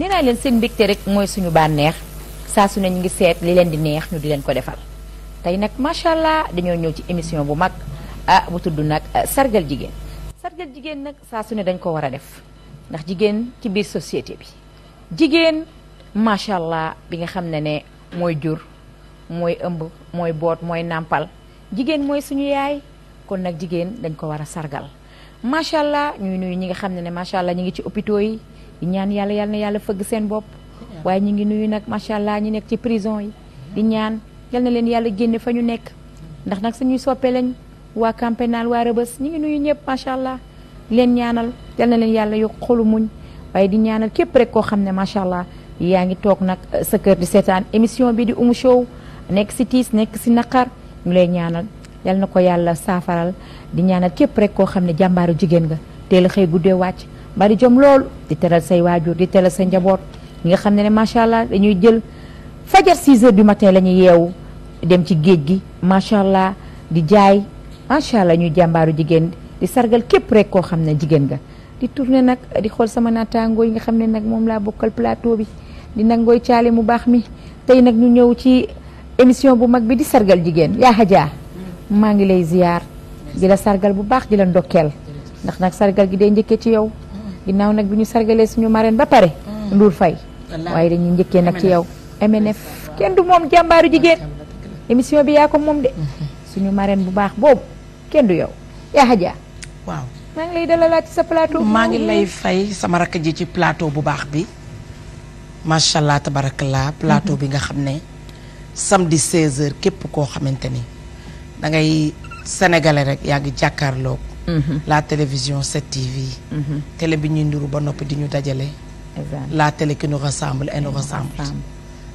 nee naa leen seen mbégte rek mooy suñu bànneex saa su ne ñu ngi seet li leen di neex ñu di leen ko defal tey nag macha allah dañoo ñëw ci émission bu mag ah bu tudd nag ah, sargal jigéen sargal jigéen nag saa su ne dañ ko war a def ndax jigéen ci biir société bi jigéen macha allah bi nga xam ne ne mooy jur mooy ëmb mooy boot mooy nàmpal jigéen mooy suñu yaay kon nag jigéen dañ ko war a sargal macha allah ñuy nuyu ñi nga xam ne ne macha allah ñu ngi ci hôpitaux yi di ñaan yàlla yal na yàlla fëgg seen bopp waaye ñu ngi nuyu nag macha allah ñu nekk ci prison yi di ñaan yal leen yàlla génne fa ñu nekk ndax nag ñuy soppee lañ waa camp pénal waa rëbës ñu ngi nuyu ñëpp macha allah leen ñaanal yal na leen yàlla yokk xolu muñ waaye di ñaanal képp rek koo xam ne macha allah yaa ngi toog nag uh, sa kër di seetaan émission bi di Oumou Show nekk si tiis nekk si naqar ñu ñaanal yal na ko yàlla saafaral di ñaanal képp rek koo xam ne jàmbaaru jigéen nga bari jom loolu di teral say waajur di teral sa njaboot ñi nga xam ne ne macha allah dañuy jël fajar 6 heures du matin la ñuy yeewu dem ci géej gi macha allah di jaay macha allah ñuy jàmbaaru jigéen di sargal képp rek koo xam ne jigéen nga. di tourné nag di xool sama naataangoo yi nga xam ne nag moom laa bokkal plateau bi di nangooy caale mu baax mi tey nag ñu ñëw ci émission bu mag bi di sargal jigéen yaa Hadja maa ngi lay ziar di la sargal bu baax di la ndokkeel ndax nag sargal gi day njëkkee ci yow. ginnaaw nag bi ñu sargalee suñu marraine ba pare. Mm. Ndour Faye waaye dañuy njëkkee nag ci yow. MNF kenn du moom jàmbaaru jigéen. Ah, émission bi yaa ko moom de. Mm-hmm. suñu marraine bu baax boobu kenn du yow yaa xajaa. waaw maa ngi lay dalalaat ci sa plateau. maa ngi lay fay sama rakk ji ci plateau bu baax bi. macha allah tabarakallah plateau mm-hmm. bi nga xam ne. samedi 16 heure képp koo xamante ni da ngay sénégalais rek yaa ngi jàkkaarloo Mm-hmm. la télévision set tv mm-hmm. télé bi ñuy nduru ba noppi di ñu dajale. la télé qui nous ressemble et nous ressemble.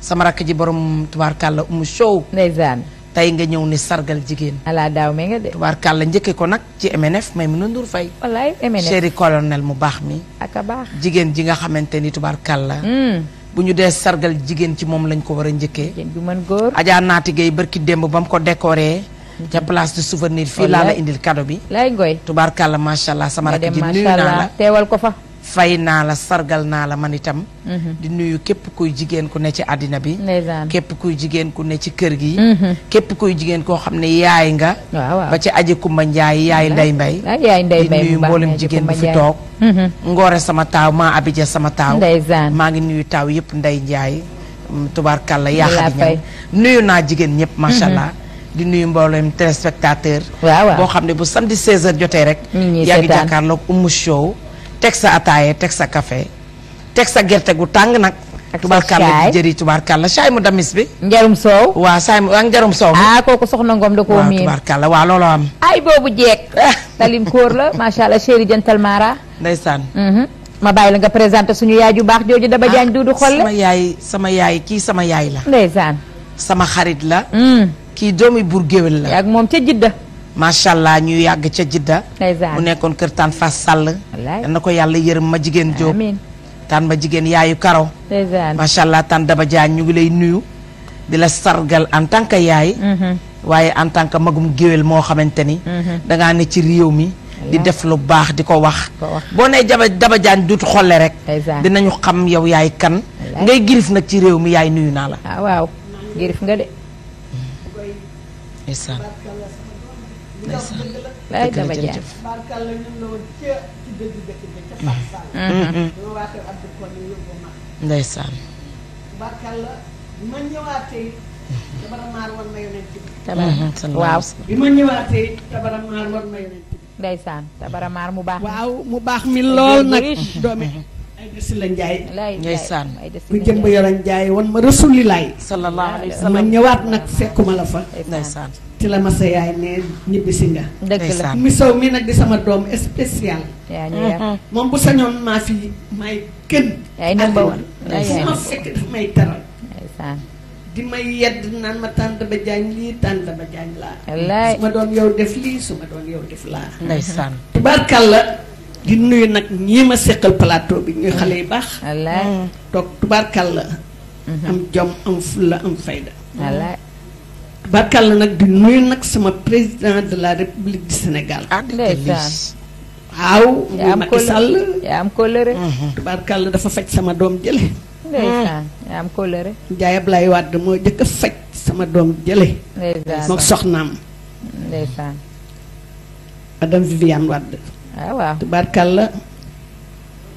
sama rakk ji borom tubaarkàlla umu show. ndeysaan. tey nga ñëw ni sargal jigéen. ala daaw mee nga de. ko nag ci MNF may mun a ndur fay. wallaay colonel mu baax mi. ak a jigéen ji nga xamante ni la mm. bu ñu dee sargal jigéen ci moom lañ ko war a njëkkee. jigéen Naati Gueye barki démb ba mu ko décoré. ca place du souvenir fii laa la indil kado bi lay goy tubaarkàlla macha allah sama rakk ji nuyu naa la teewal ko fa fay naa la sargal naa la man itam mhm. di nuyu képp kuy jigéen ku ne ci àddina bi képp kuy jigéen ku ne ci kër gi mhm. képp kuy jigéen koo xam ne yaay nga waaw waaw. ba ci aji kumba njaay yaay nday mbay di nuyu mboolem jigéen bu fi toog mm -hmm. ngoore sama taaw maa abija sama taaw maa ngi nuyu taaw yëpp nday njaay mm, tubaarkàlla yaa xadi ñam nuyu naa jigéen ñëpp masha mhm. allah di nuyu mboolem téléspectateur. waaw waaw boo xam ne bu samedi 16h jotee rek. yaa ngi jàkkaarloog Oumou Show. teg sa ataaye teg sa café teg sa gerte gu tàng nag. ak sa tubaarkàlla jëri tubaarkàlla saay mu damis bi. njarum soow. waa saay mu ak njarum soow. ah kooku soxna Ngom da koo miin waa tubaarkàlla am. ay boobu jeeg. talim kóor la macha allah chéri jantal Mara. ndeysaan. Mhm. ma bàyyi la nga présenté suñu yaay ju baax jooju daba jaañ ah, duudu xolle. sama yaay sama yaay kii sama yaay la. ndeysaan. sama xarit la. Mm. kii doomi buur géwél la. yaag moom ca Jidda. macha allah ñu yàgg ca Jidda. mu nekkoon kër Tàn fas Sall. wallaay na ko yàlla yërëm ma jigéen Diop. amiin tàn ma jigéen yaayu Karo. macha allah tàn Daba Diagne ñu ngi lay nuyu. di la sargal en tant que yaay. Mm-hmm. waaye en tant que magum géwél moo xamante ni. Mm-hmm. dangaa ne ci réew mi. di def lu baax di ko wax. boo nee Daba Daba Diagne duut xolle rek. dinañu xam yow yaay kan. ngay girif nag ci réew mi yaay nuyu naa la. Ah, ndeysaan ndeysaan laay dama jaay ndeysaan ma mhm. waaw bi ma ñëwaatee tabaramaar war tabaramaar mu baax waaw mu baax mi lool nag mhm. Mhm. Aïda Sylla Ndiaye. ndeysaan bu jëmb yoroon Ndiaye wan ma rasulilaay. sallallahu alayhi wa sallam ma ñëwaat nag fekkuma la fa. ndeysaan ci la ma sa yaay ne ñibbisi nga. dëgg la mi sow mi nag di sama doom spécial. Mm-hmm. moom bu sañoon maa fi may kenn. yaay na mbawoon su ma fekk daf may teral. di may yedd naan ma tànt ba jaañ lii tànt ba jaañ laa. su ma doon yow def lii su ma doon yow def laa. ndeysaan tubaarkàlla. di nuyu nag ñii ma seqal plateau bi ñuy xale yu baax. wallaay mm. toog tubaarkàlla. Mm-hmm. am jom am fulla am fayda. wallaay. tubaarkàlla nag di nuyu nag sama président de la république du Sénégal. ak ah, mm-hmm. dafa faj sama doom jële. ndeysaan lay am kóllëre. Ndiaye moo jëkk faj sama doom jële. ndeysaan moom soxnaam. ndeysaan. Viviane Wade. Ah, waaw la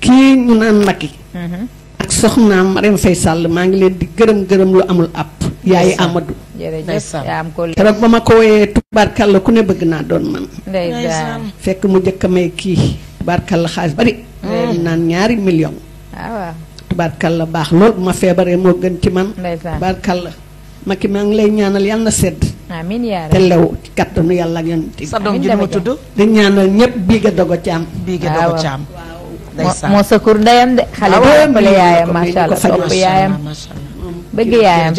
kii ñu naan Macky mm-hmm. ak soxnaam Marème Faye Sall maa ngi leen di gërëm gërëm lu amul àpp yaay Amadou keroog ba ma ko woyee tubaarkàlla ku ne bëgg naa doon man fekk mu jëkk may kii tubaarkàlla xaalis bari mm. naan ñaari million ah, la baax lool bu ma feebaree moo gën ci man la Macky maa ngi lay ñaanal yàlla na sedd. amiin yaa te lew ci kattanu yàlla ak yonent sa doom ji ma tudd. di ñaanal ñëpp bii nga dogo caam. bii nga dogo caam. waaw moo sëkur ndeyam de. xale bu ëppale yaayam macha allah topp yaayam bëgg yaayam.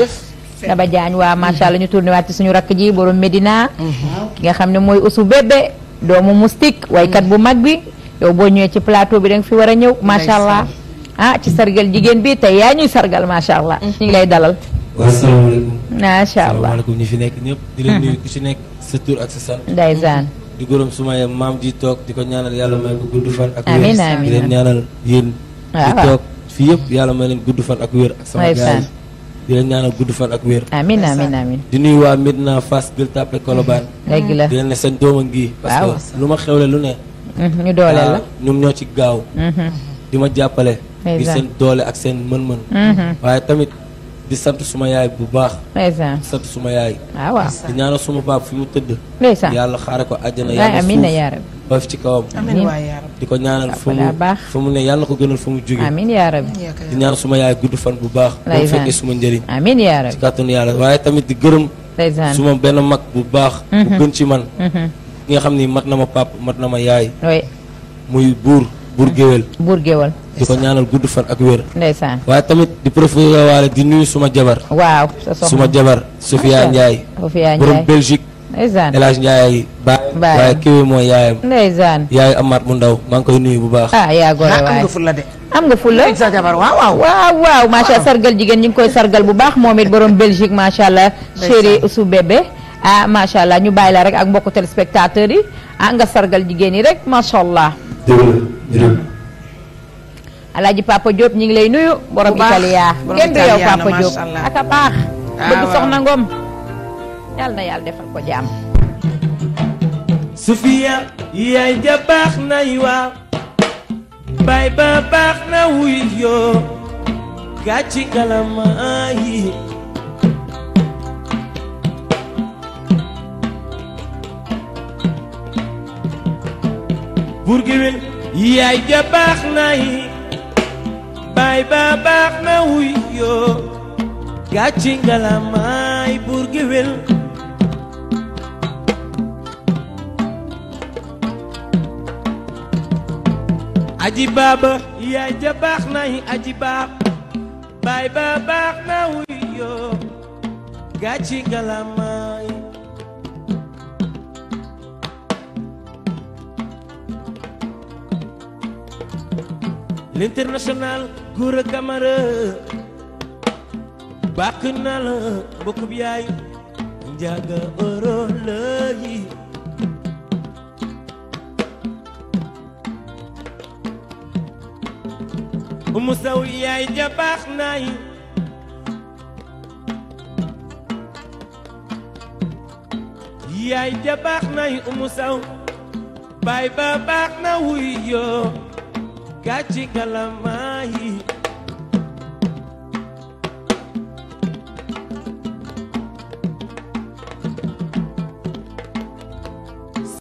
Daba waa macha allah ñu tourné waat suñu rakk ji borom Medina. Mm-hmm. ki nga xam ne mooy usu bébé. doomu Moustique waykat bu mag bi. yow boo ñëwee ci plateau bi da fi war a ñëw macha allah. ah ci sargal jigéen bi te yaa ñuy sargal macha allah. Mm-hmm. ñu lay dalal. waaw salaamaaleykum. macha ñu fi nekk ñëpp. di leen mhm. nuyu ku ci nekk sa tur ak sa sant. ndeysaan. di gërëm suma maam ji toog di ko ñaanal yàlla may ko gudd fan. ak wér di leen ñaanal yëpp yàlla may leen gudd fan ak wér. ak sama gars yi di leen ñaanal gudd fan ak wér. amiin amiin amiin di nuyu waa Medina Fass Gueule Tapée Colobane. dëgg la di leen ne seen doom a ngi. parce lu ma xewle lu ne. Mhm, ñu dooleel la ah, ñoom ñoo ci gaaw. Mhm. di ma jàppale. di seen doole ak seen mën-mën. waaye tamit di sant suma yaay bu baax. ndeysaan di sant suma yaay. waaw ah, waaw di ñaanal suma baab fi mu tëdd. ndeysaan yàlla xaare ko àjjana. yàlla suuf boof ci kawam. amiin waay yaa di ko ñaanal fu mu fu mu ne yàlla ko gënal fu mu jóge. amiin yaa rabbi di ñaan suma yaay gudd fan bu baax. ndeysaan bu fekkee suma njëriñ. amiin yaa rabbi ci kàttanu yàlla waaye tamit di gërëm. ndeysaan suma benn mag bu baax. bu mm-hmm. gën ci man. Mm-hmm. ki nga xam ni mat na ma pap mat na ma yaay. muy buur. buur géwél buur géwél di ko ñaanal gudd fan ak wér ndeysaan waaye tamit di profité waale di nuyu suma jabar waaw suma jabar Sofia Ndiaye borom Belgique ndeysaan El Hadj waaye kiwi mooy yaayam ndeysaan yaayu mu ndaw maa ngi koy nuyu bu baax ah yaa gore waaye ah, am nga fulla de am nga fulla sa jabar waaw waaw waaw sargal jigéen ñu ngi koy sargal bu baax moom it borom Belgique macha allah chéri su bébé ah macha allah ñu bàyyi la rek ak mbokku téléspectateurs yi ah nga déwén juróom. Alaaji Papa Diop ñu ngi lay nuyu. borom Italia kenn du yow Papa Diop ak a baax. Ah, bëgg soxna Ngom yàlla na yàlla defal ko jaam. Sofia yaay ja baax na waaw. bay ba baax na wuy yoo gàcci kalama buur géwél yaay ja baax nay baay ba baax na wuy yoo gàcci ngalamaay buur géwél aji baaba baax nay aji baab baay ba baax na wuy l'international Gora Camara bàkk naa la mbokk bi yaay njaaga oro lëyi umu saw yaay ja baax naay yaay ja baax naay umu saw baay ba baax na wuy gàcci ngalamaa yi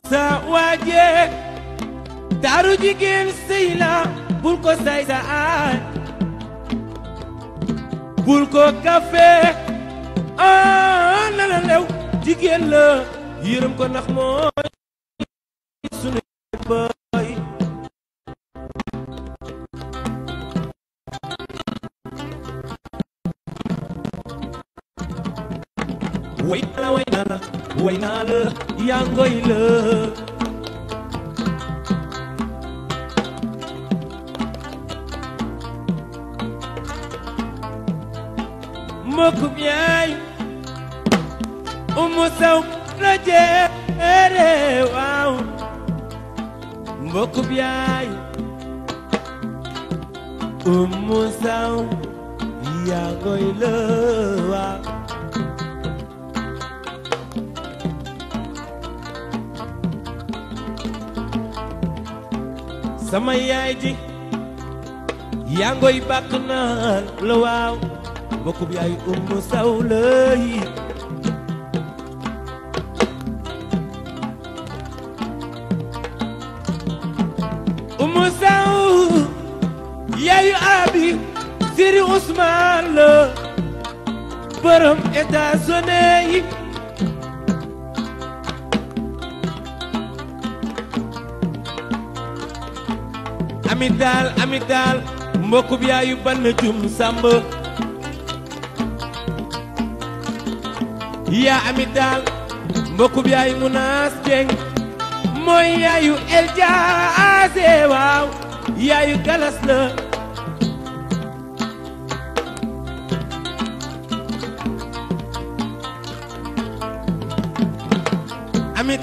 sa waaje taaru jigéen sëy la bul ko say sa bul ko kafe ah na la lew jigéen la yërëm ko ndax moo baayu abi siri bi yaayu ban jum sàmba yaa ami daal bi yaayu munaas jeng mooy yaayu el jaase waaw yaayu galas la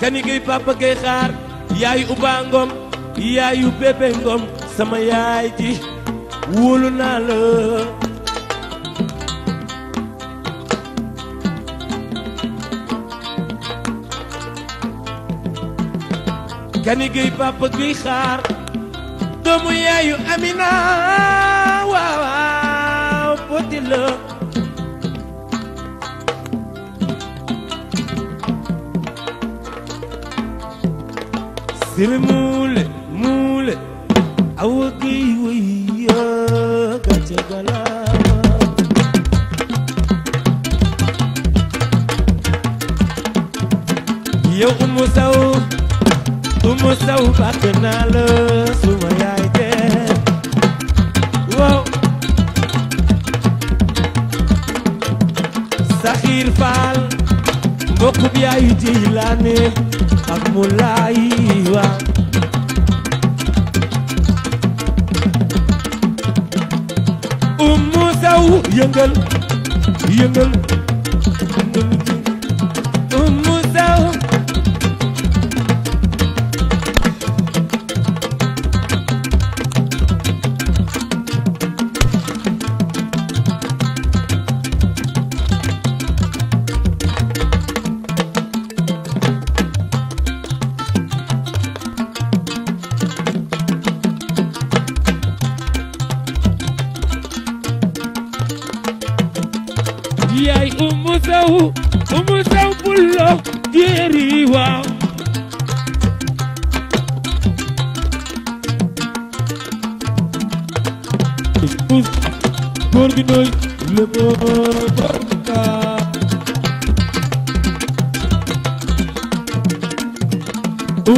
kani gay papa gay xaar yaayu uba ngom yaayu bébé ngom sama yaay ji wóolu naa la kani gay papa gay xaar doomu yaayu amina waaw waaw poti siri muule muule awa géy wëy yaa gàcce galaama yow umu saw umu saw bàkk naa suma yaay jee saxiir faal mbokk bi yaayu jiy laa ak Moulay waaw Oumou Sow yëngal yëngal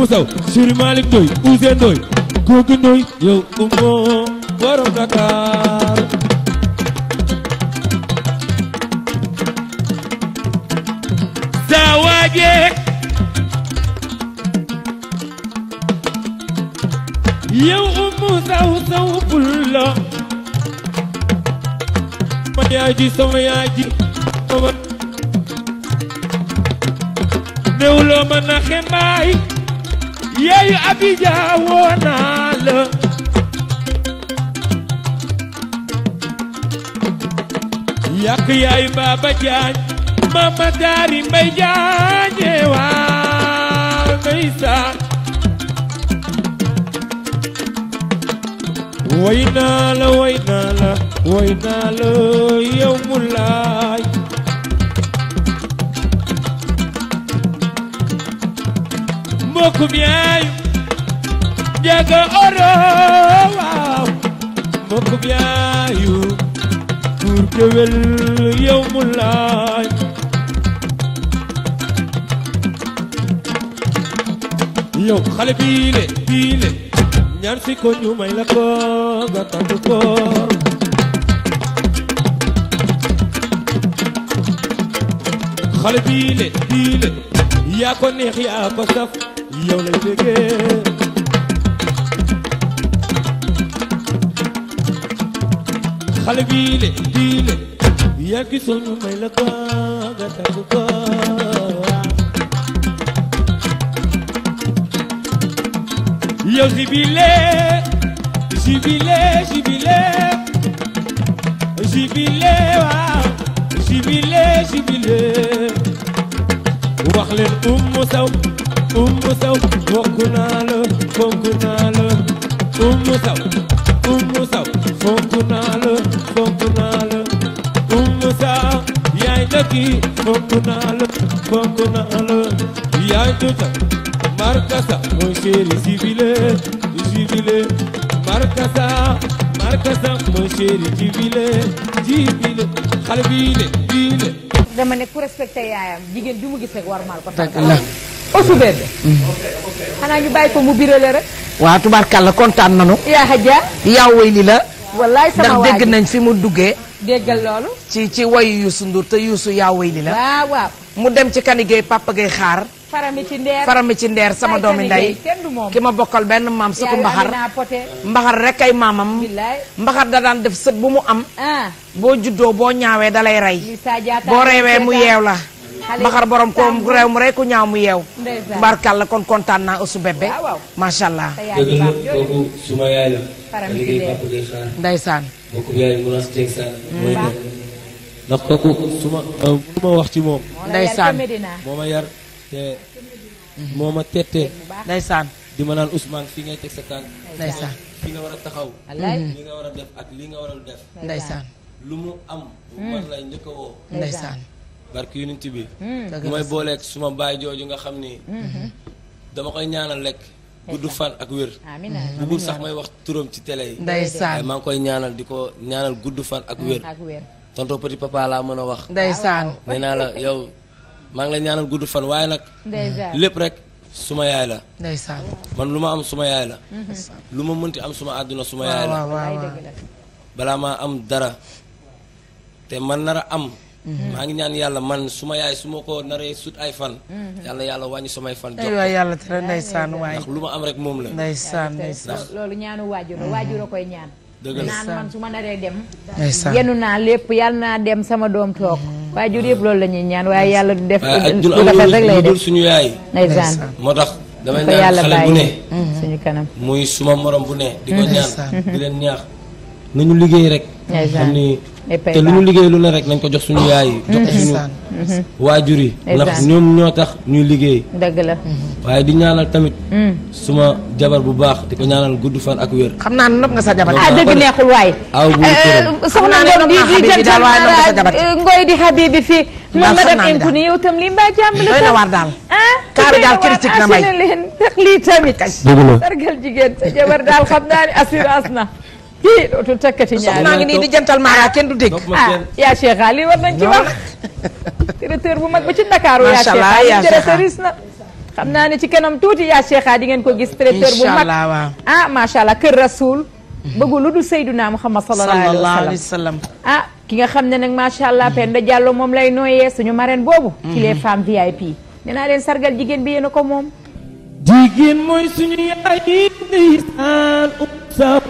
Sow Siri Malick Ndoye Ousseyn Ndoye Gougou Ndoye yow umo borom Dakar sawaaje yow umu saw saw pulla ma yaaji sama yaaji sama newlo ma na xembaay yeeyu Abidjan woo naa la yàq yaayu Baba Jaañ mama daari mbay jaañe waa may saa woy naa la woy naa la woy naa la yow mu laay boku biayu jaga oro waaw boku biayu pour kewel yow mu laaj yow xale biile biile ñaan si ko ñu may la ko nga tàgg ko xale biile biile yaa ko neex yaa ko saf yow lay déggee xale bii le bii le yaa gisoon may la ko nga tàgg ko yow jibile jibile jibile jibile waaw jibile jibile wax leen um mu saw Oumou Sow fonk naa la fonk naa la Oumou Sow Oumou Sow fonk naa la fonk naa la Oumou Sow yaay dëkki fonk naa la yaay tuta markasa mooy chéri civilé civilé markasa markasa mooy chéri civilé civilé xale bii le bii le dama ne ku respecté yaayam jigéen ju mu gis rek war maal ko aussi bébé. xanaa ko mu birale rek. waaw tubaarkàlla kontaan nañu. yaa xajaa. yaa woy li la. wallaay dégg nañ fi mu duggee. déggal loolu. ci ci woyu Youssou Ndour te Youssou yaa woy la. mu dem ci kanigéey papa gay xaar. farami ci ndeer ci ndeer sama doomi ndey. ki ma bokkal benn maam sëtu mbaxar. mbaxar rek ay maamam. mbaxar da daan def sët bu mu am. Ah. boo juddoo boo ñaawee da lay rey. boo reewee mu yeew la. baxar borom ko réew mu rey ku ñaaw mu yeew barkal la kon kontaan naa aussi bébé macha allah dëgg la kooku suma yaay day xaar ndeysaan mm. euh, ma wax ci moom ndeysaan moo ma ma naan Ousmane fii ngay teg sa tànk ndeysaan fii nga war a taxaw mm-hmm. li nga war a def ak lu mu am lay njëkk a woo barki unit bi mooy hmm. booleeg suma baay jooju nga xam ni hmm. dama koy ñaanal lekk gudd fan ak wér buggul sax may wax turam ci télé yi ndeysaan maa koy ñaanal di ko ñaanal gudd fan ak wér tonton petit papa laa mën a wax ndeysaan nee naa la yow maa ngi lay ñaanal gudd fan waaye nag lépp rek suma yaay la man lu ma am suma yaay la hmm. lu ma mënti am suma àdduna suma yaay la balaa maa am dara te man nar am Mhm. maa ngi ñaan yàlla man su ma yaay su ma ko naree sut ay fan. Mhm. yàlla yàlla wàññi samay fan. jox ko yàlla tere ndeysaan waay ndax lu ma am rek moom la. ndeysaan ndeysaan loolu ñaanu waajur mhm. waajur a koy ñaan. dëgg naan man su ma naree dem. yenu naa lépp doom toog. waajur yëpp loolu la ñuy ñaan waaye du def. du rafet rek lay def suñu yaay. ndeysaan moo tax. damay ñaan xale bu ne suñu kanam muy suma morom bu ne. di ko ñaan di leen ñaax nañu liggéey rek xam ni te lu ñu liggéey lu ne rek nañ ko jox suñu yaay mm-hmm. mm-hmm. waajur yi ndax ñoom ñoo tax ñuy liggéey dëgg la mm-hmm. waaye di ñaanal tamit mm. suma jabar bu baax di ko ñaanal gudd fan ak wér xam naa nopp nga sa jabar ah, eh, eh, di di jël sa eh, ngoy di habibi fii mën ma def impu ni yow tam li mbaa la doy na war daal ah kaaru daal critique na jigéen sa jabar daal xam naa ni assurance na kii dootul takkati ñaari maa ngi nii di jantal Mara ah, du dégg. ah yaa Cheikh Ali war nañ ci bu mag ba ci Dakar. macha allah yaa Cheikh Ali xam naa ne ci kanam tuuti di ngeen ko gis. directeur bu mag ah macha allah Kër Rasoul. bëggul lu dul Seydina Muhammad sallallahu alayhi wa ah, ki nga xam nag macha allah Penda Diallo moom lay nooyee suñu boobu. Mm-hmm. ci les femmes VIP. nee sargal jigéen bi yéen ko moom. jigéen mooy suñu yaay ndeysaan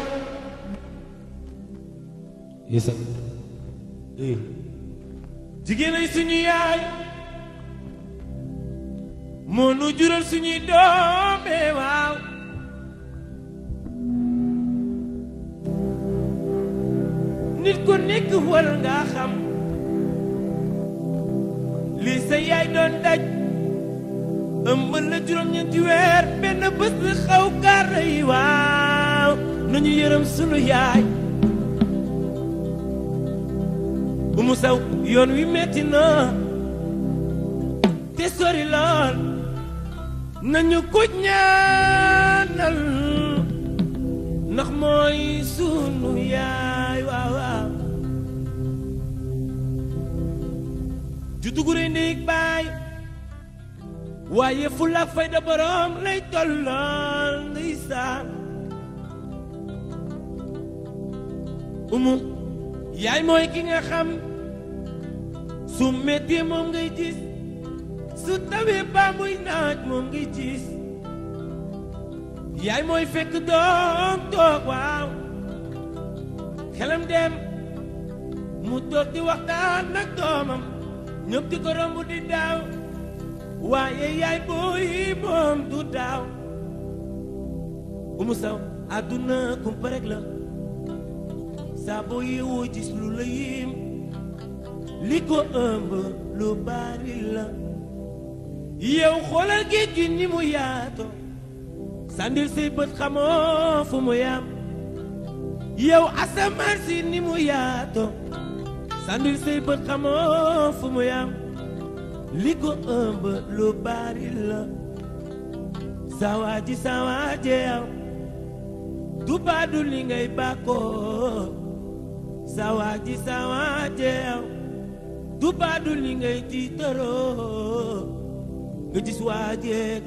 isa suñu yaay moo nu jural suñuy doome waaw nit ku nekk war nga xam lii sa yaay doon daj ëmb la juróom-ñeenti weer benn bés xaw kàr waaw nañu yërëm sunu yaay mu saw yoon wi metti na te sori nañu ko ñaanal ndax mooy sunu yaay waaw ju dugure ndéeg baay waaye fulla fayda boroom lay tollool ngay umu yaay mooy ki nga xam su mettee moom ngay gis su tawee baa muy naaj moom ngay gis yaay mooy fekk doom toog waaw xelam dem mu toog di waxtaan nag doomam ñëpp ko romb di daaw waaye yaay booy moom du daaw umu saw àdduna kumpa la saa boo yeewoo gis lu la yim li ko ëmb lu bari la yow xoolal géej gi ni mu yaato sandil say bët xamoo mu yam yow asamaan si ni mu yaato sandil say bët xamoo mu yam li ko ëmb lu bari la sawaaji sawaaje yaw du baadu li ngay bàkkoo sawaaji sawaaje yaw du baadu li ngay tiitaroo nga gis waa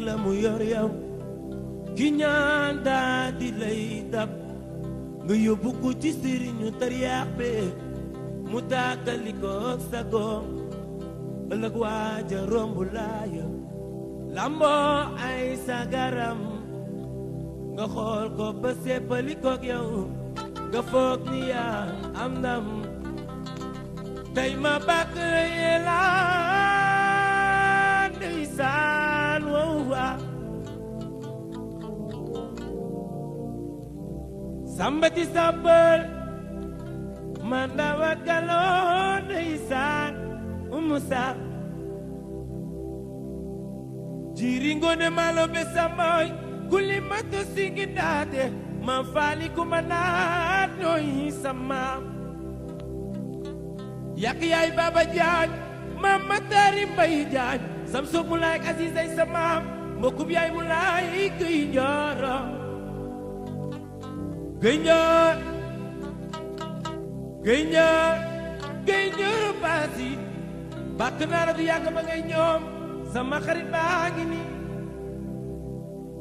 la mu yor yow ki ñaan daa di lay dab nga yóbbu ko ci sëriñu tariyaax mu tàkkali sa goom ëllëg waaja romb laaya lamboo ay sagaram nga xool ko ba seppali koog nga foog ni yaa am ndam day ma bàkk yelaan ndeysaan wow waa sambati sambal man dawa galoon ndeysaan umu saar jiringone malo be samay kulimatu singindaade man faali kuma naat nooyi samaam yàq yaay Baba Jaañ maam Mataari Mbay Jaañ sam soo mu laay ak sa maam mbokkub yaay mu laay gëy njooro gëy njoor gëy njoor baasi bàkk naa du yàgg ba ngay ñoom sama xarit baa ngi ni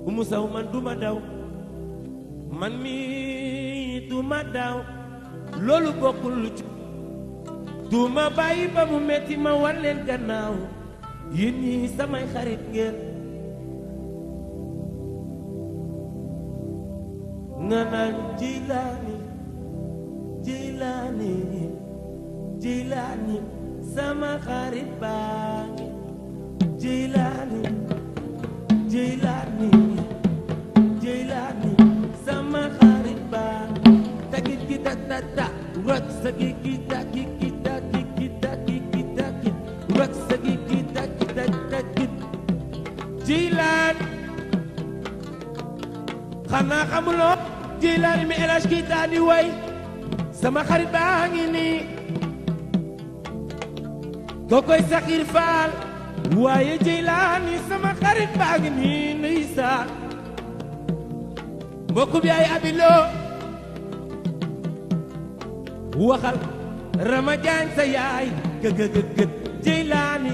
umu saw man duma daw man mi duma daw loolu bokkul lu duma bàyyi ba mu metti ma war leen gannaaw yéen ñi samay xarit ngeen nga naan jilaani jilaani jilaani sama xarit baa ngi jilaani jilaani jilaani sama xarit baa tagit gi tak tak tak roj sa gi gi tak wax sa gi gi daj daj daj jilaan xanaa xamuloo jilaan mi elaj gi daani way sama xarit baa ngi nii kookoy saxiir faal waaye jilaani sama xarit baa ngi nii ndeysaan mbokk bi ay abiloo waxal ramajaan sa yaay gëgëgëgët Jeylaani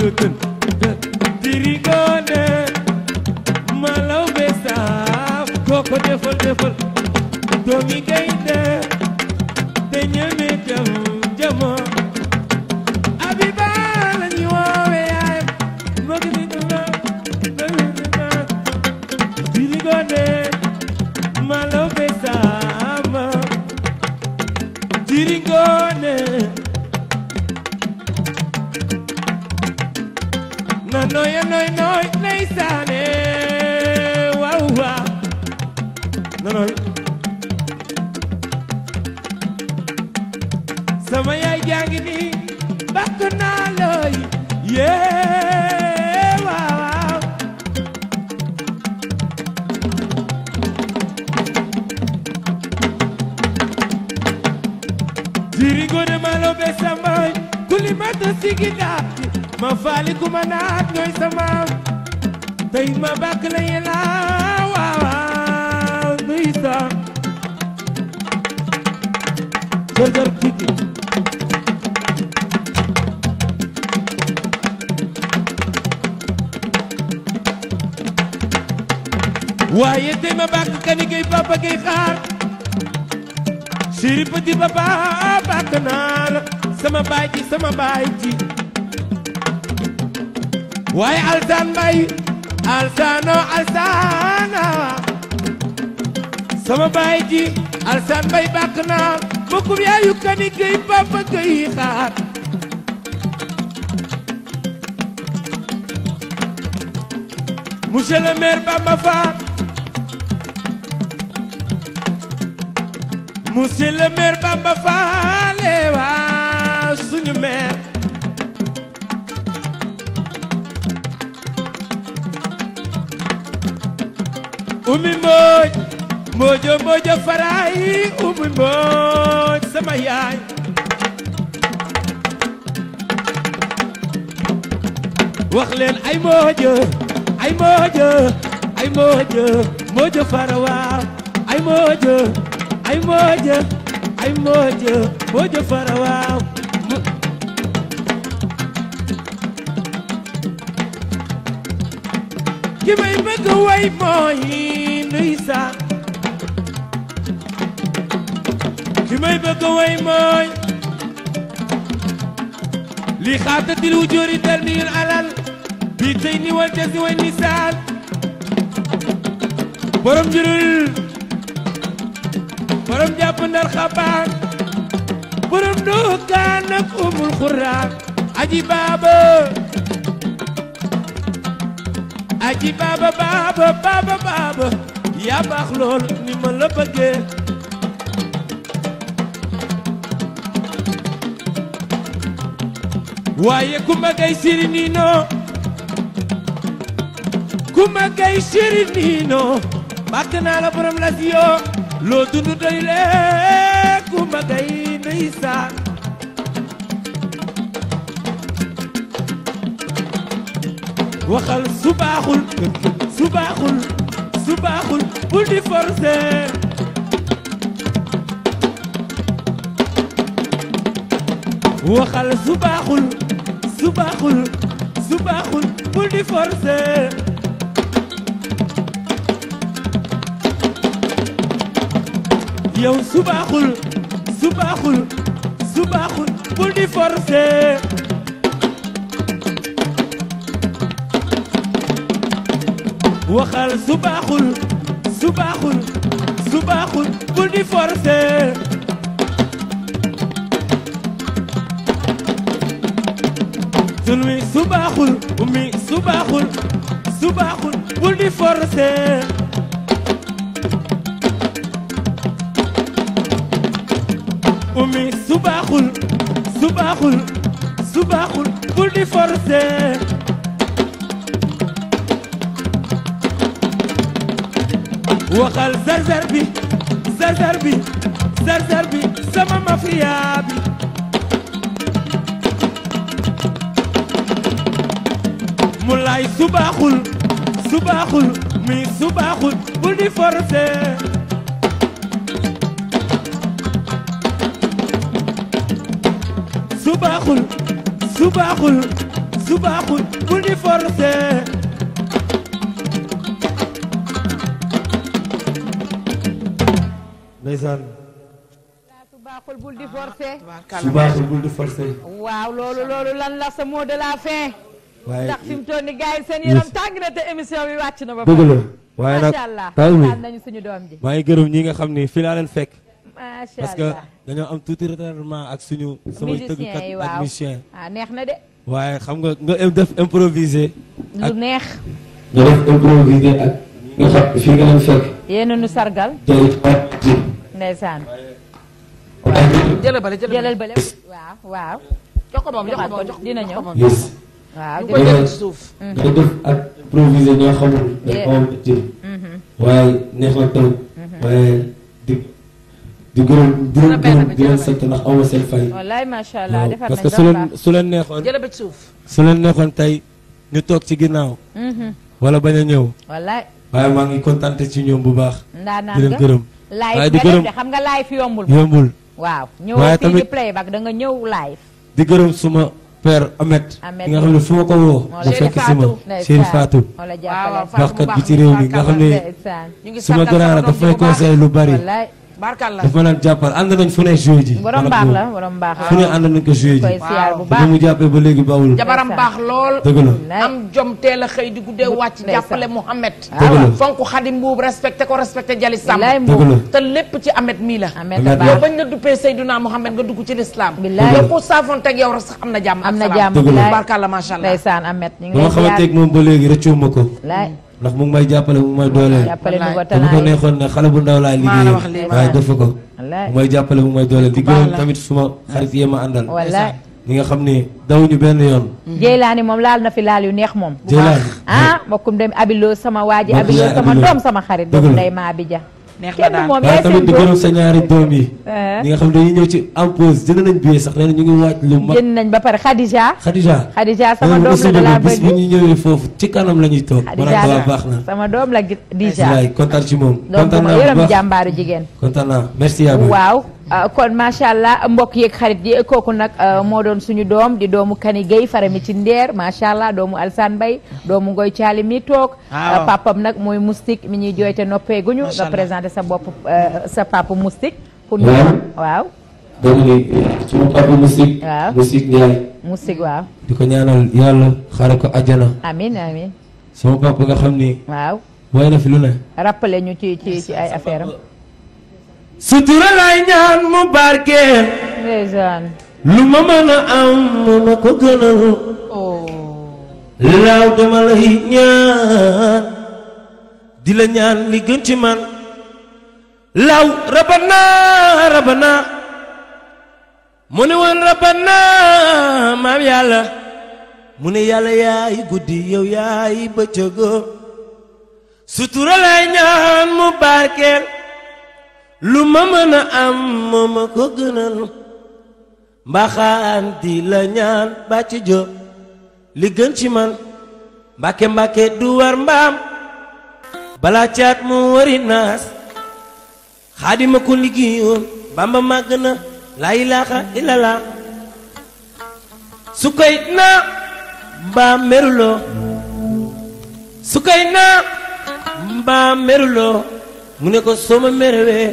doo gën dirigoone malaw be saaf koo ko defal defal doomi gay waaye tey ma bàkk kani kay papa kay xaar siri petit papa bàkk naa la sama baay ci waaye alsaan mbay alsaano alsaana sama baay ci alsaan mbay bàkk naa mbokkum yaayu kani kay papa kay xaar monsieur le maire Bamba Fall monsieur le maire Bamba Faale eh, waa suñu maire umi mbooj mboojo mboojo faraay umi mbooj sama yaay wax ay mboojo ay mboojo ay mboojo ay mboojo ay mooje ay mooje mooje fara waaw ki may bëgg way mooy Luisa ki may bëgg way mooy li xaatatil wujuri tarniyul alal bi tey ni wal jasi way nisaan borom jurul borom jàpp ndar xabaan borom dookaan ak umul xuraan aji baaba aji baaba baaba baaba yaa baax lool ni ma waaye ku ma gay siri ku ma gay siri niinoo bàkk naa la loo dund doy lee ku magay ndeysaan waxal waxal su baaxul su bul di forcer yow su baaxul su baaxul su bul di forcer waxal su ummi su baaxul bul di forcer su baaxul su bul di forcer waxal zarzar bi zarzar bi sama mafia bi mu lay su mi su bul di forcer baaxul su baaxul su baaxul bul di forcer ndeysaan baaxul bul di forcer su waaw loolu lan la sa mot de la fin ndax fi mu toll ni gars yi seen yaram tàng na te émission bi wàcc na ba dëgg la waaye nag nañu suñu maa ngi gërëm ñi nga xam ni fi laa macha allah parce que dañoo am tuuti retardement ak suñu. samay tëggkat ak musicien ah neex na de. waaye xam nga nga def improviser. lu neex. nga def improviser ak nga xam fii nga leen fekk. yéen a nu sargal. ndeysaan. jëlal bële jëlal bële waaw waaw. jox ko moom jox ko moom dina ñëw. waaw dina ñëw suuf. Mm-hmm. nga def ak improviser ñoo xamul. dañ ko am mm-hmm. waaye neex na tamit mm-hmm. waaye. di gërëm di leen gërëm di leen sant ndax aw seen fay. wallaay macha allah toog ci ginnaaw. Mm-hmm. wala bañ a ñëw. wallaay waaye maa ngi kontaan ci bu baax. di leen gërëm. waaye di gërëm xam nga live yombul. yombul waaw. ñëw fii di playback da nga ñëw live. di gërëm suma père Ahmed. Ahmed nga xam ne fu ma ko fekk si ma Chéri Fatou. waxkat bi ci réew mi nga xam ne. suma grand dafa may conseil lu bari barkalla daf ma daan jàppal ànd nañ fu ne joué ji. borom baax la fu ne ànd nañ ko joué ji. ba mu jàppee ba léegi bawul. jabaram baax lool. dëgg la am jom teel a xëy di guddee wàcc jàppale Mouhamed. Ah, dëgg la ko respecté Jali Samb. dëgg la te lépp ci Ahmed mii la. Ahmed la baax bañ la duppee Seydouna Mouhamed nga dugg ci lislaam. billaay yow ku saafoon teg yow sax am na jàmm. am na jàmm billaay barkalla macha allah. ndeysaan Ahmed ñu ngi lay moom ba léegi rëccoo ko. ndax mu ngi may jàppale mu ngi may dooleel te bu ko neexoon ne xale bu ndaw laay liggéeyee waaye def ko mu may jàppale mu ngi may dooleel di gërëm tamit suma xarit yee ma àndal ñi nga xam ni daw ñu benn yoon mm-hmm. Jeylaani moom laal na fi laal yu neex moom Jeylaani ah mbokkum dem abiloo sama waa ji abiloo sama doom sama xarit doomu nday ma abija neex na daal waaye tamit di gërëm sa ñaari doom yi. Eh? ñi nga xam ne dañuy ñëw ci en pause jënd nañ billet sax nee ñu ngi waaj lu mag. jënd nañ ba pare Khadija. Khadija sama doom la bis bu ñu ñëwee foofu ci kanam la ñuy toog. Khadija na sama doom la Khadija. waay kontaan ci moom. kontaan naa bu baax donc jàmbaaru jigéen. kontaan naa merci à vous waaw. Ah, kon macha allah mbokk yeeg xarit yi kooku nag ah, moo doon suñu doom di doomu Kani Gueye farami ci ndeer macha allah doomu Alsaan Mbay doomu Ngoy Caali mi toog. Ah, papam nag mooy moustique mi ñuy jooyte noppee guñu. macha sa bopp sa papa moustique. pour waaw. doomu suma papa moustique. di ko ñaanal yàlla xare ko àjjana. amiin amiin. suma papa nga xam ni. waaw. woy fi lu ne. rappelé ñu ci ci ay affaire am. sutura lay ñaan mu barkeel lu ma mën a am na ko gënal oh. laaw dama lay ñaan di la ñaan li gën ci man laaw rabana rabana mu ne woon rabana maam yàlla mu ne yàlla yaay guddi yow yaay bëccëg sutura lay ñaan mu barkeel lu ma mën a am moo ma ko gënal mbaxaan di la ñaan bàcc jo li gën ci man mbàkke mbàkke du war mbaam balaa caat mu wari naas xaadima ko liggéeyoon bamba màgg na laa ilaaha illallah su koy naa mbaam meruloo su koy naa mbaam meruloo mu ne ko soo ma merewee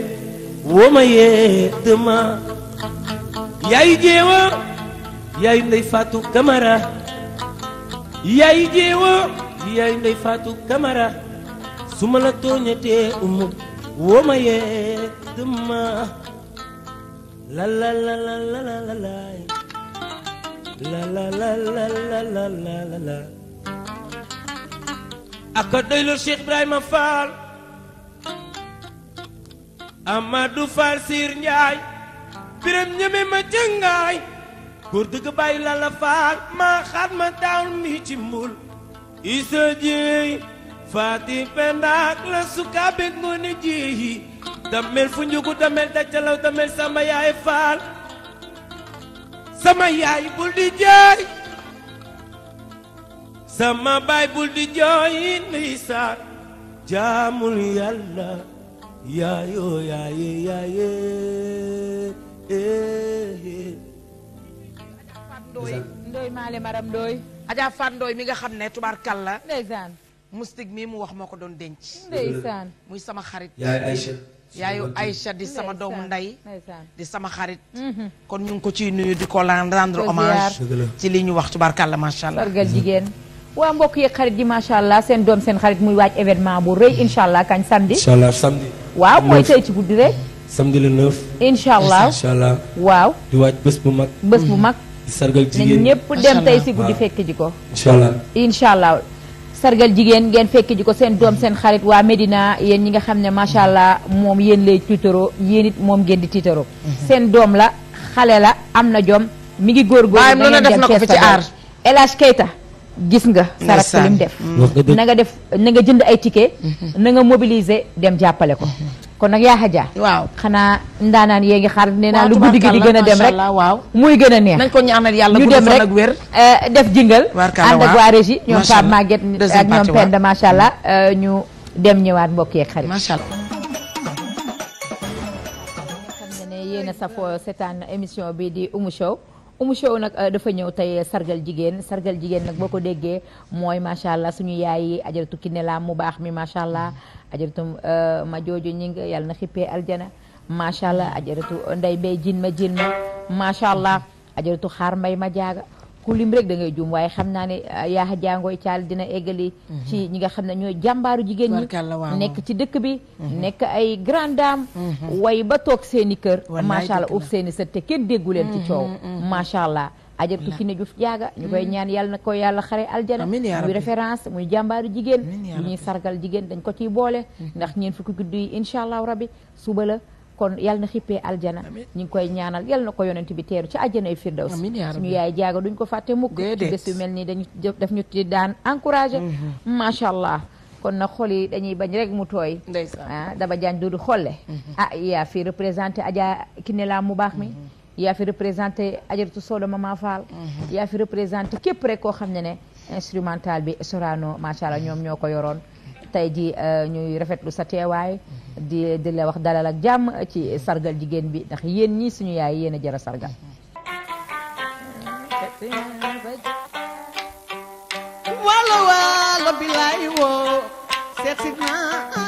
woo ma yee dema yaayu jeewa yaayu ndey faatu kamara yaayu jeewa yaayu ndey faatu kamara su la tooñatee umu woo yee dema la la la la la la la la la la la la la Amadou Fall Sir Ndiaye biram ñeme ma jëngaay góor dëgg bàyyi la la faal maa xaat mi ci isa jéey faati pendaak la sukkaa bég ngoone damel fu njugu damel dajalaw damel sama yaay faal bul di jooy sama baay bul di jooy ndeysaan jaamul yàlla yaayo yaaye yaaye ndooy eh, eh. ndooy maale maram ndooy Adja Fat Ndooy mi nga xam ne tubaarkal la ndeysaan mustig mu wax moo ko doon denc muy sama xarit yaayu Aïcha yaayu Aïcha di sama doomu ndey di sama xarit mhm. kon ñu ngi ko nu nuyu di ko rendre hommage ci li ñu wax tubaarkal la macha allah sargal jigéen waa mbokk yeeg xarit yi macha allah seen doom seen xarit muy waaj événement bu rëy incha allah kañ samedi incha allah samedi waaw mooy tey ci guddi rek. samedi le 9. incha allah incha waaw. di waaj bés bu mag. bés bu mag. di sargal jigéen ñëpp dem tey si guddi fekk ji ko. incha allah allah. sargal jigéen ngeen fekk ji ko seen doom seen xarit waa Medina yéen ñi nga xam ne macha allah moom yéen lay tiitaroo yéen it moom ngeen di tiitaroo. Mhm. seen doom la xale la am na jom mu ngi góorgóorlu. waaye mën na def na ko fi ci aar El Hadj gis nga sarak li def na nga def na jënd ay ticket mhm. na nga mobiliser dem jàppale ko mhm. kon nag yaa xajaa waaw xanaa ndaanaan yee ngi xaar nee naa lu guddi gi di gën a dem rek waaw muy gën a neex nañ ko ñaanal yàlla ñu dem rek wér euh, def jingal ànd ak waa régie ñoom Pape Maguette ak ñoom Penda macha allah euh, ñu dem ñëwaat mbokk yeeg xarit macha allah xam nga ne yéen safoo seetaan émission bi di Oumou Show Oumou Sow nag euh, dafa ñëw tey sargal jigéen sargal jigéen nag boo ko déggee mooy macha allah suñu yaay yi ajaratu Kiné Lam mu baax mi macha allah ajaratu euh, ma jooju ñi nga yàlla na xippee aljana macha allah ajaratu nday bay jin ma jin ma macha allah ajaratu xaar mbay ma jaaga ku lim rek da ngay juum xam naa ne ah, yaaxa jangooy caal dina eggali mhm. ci ñi nga xam ne ñooy jàmbaaru jigéen ñi nekk ci dëkk bi mhm. nekk ay grande dame mhm. way ba toog seen i kër macha allah uuf seen i sët kenn déggu leen ci coow macha allah ajartu ki ne juf jaaga ñu koy ñaan yàlla na ko yàlla xare aljana muy référence muy jàmbaaru jigéen yu ñuy sargal jigéen dañ ko ciy boole ndax ñeen fukki guddi yi incha allah rabbi suba la kon yal na xippee aljana ñu ngi koy ñaanal yal na ko yonent bi teeru ci àjjanay firdaws suñu yaay jaaga duñ ko fàtte mukk ci bés mel nii dañu daf ñu ci daan encouragé mm-hmm. macha allah kon nag xol yi dañuy bañ rek mu tooy ah daba jaan du xolle mm-hmm. ah yaa fi représenté Adja Kinella mu baax mi mm-hmm. yaa fi représenté ajaratu Soda Mama Fall yaa fi représenté képp rek koo xam ne ne instrumental bi Sorano macha ñoom ñoo ko yoroon tey ji euh, ñuy rafetlu sa teewaay di di la wax dalal ak jàmm ci sargal jigéen bi ndax yéen ñii suñu yaay yéen a jara sargal wala wala bilaay woo seet si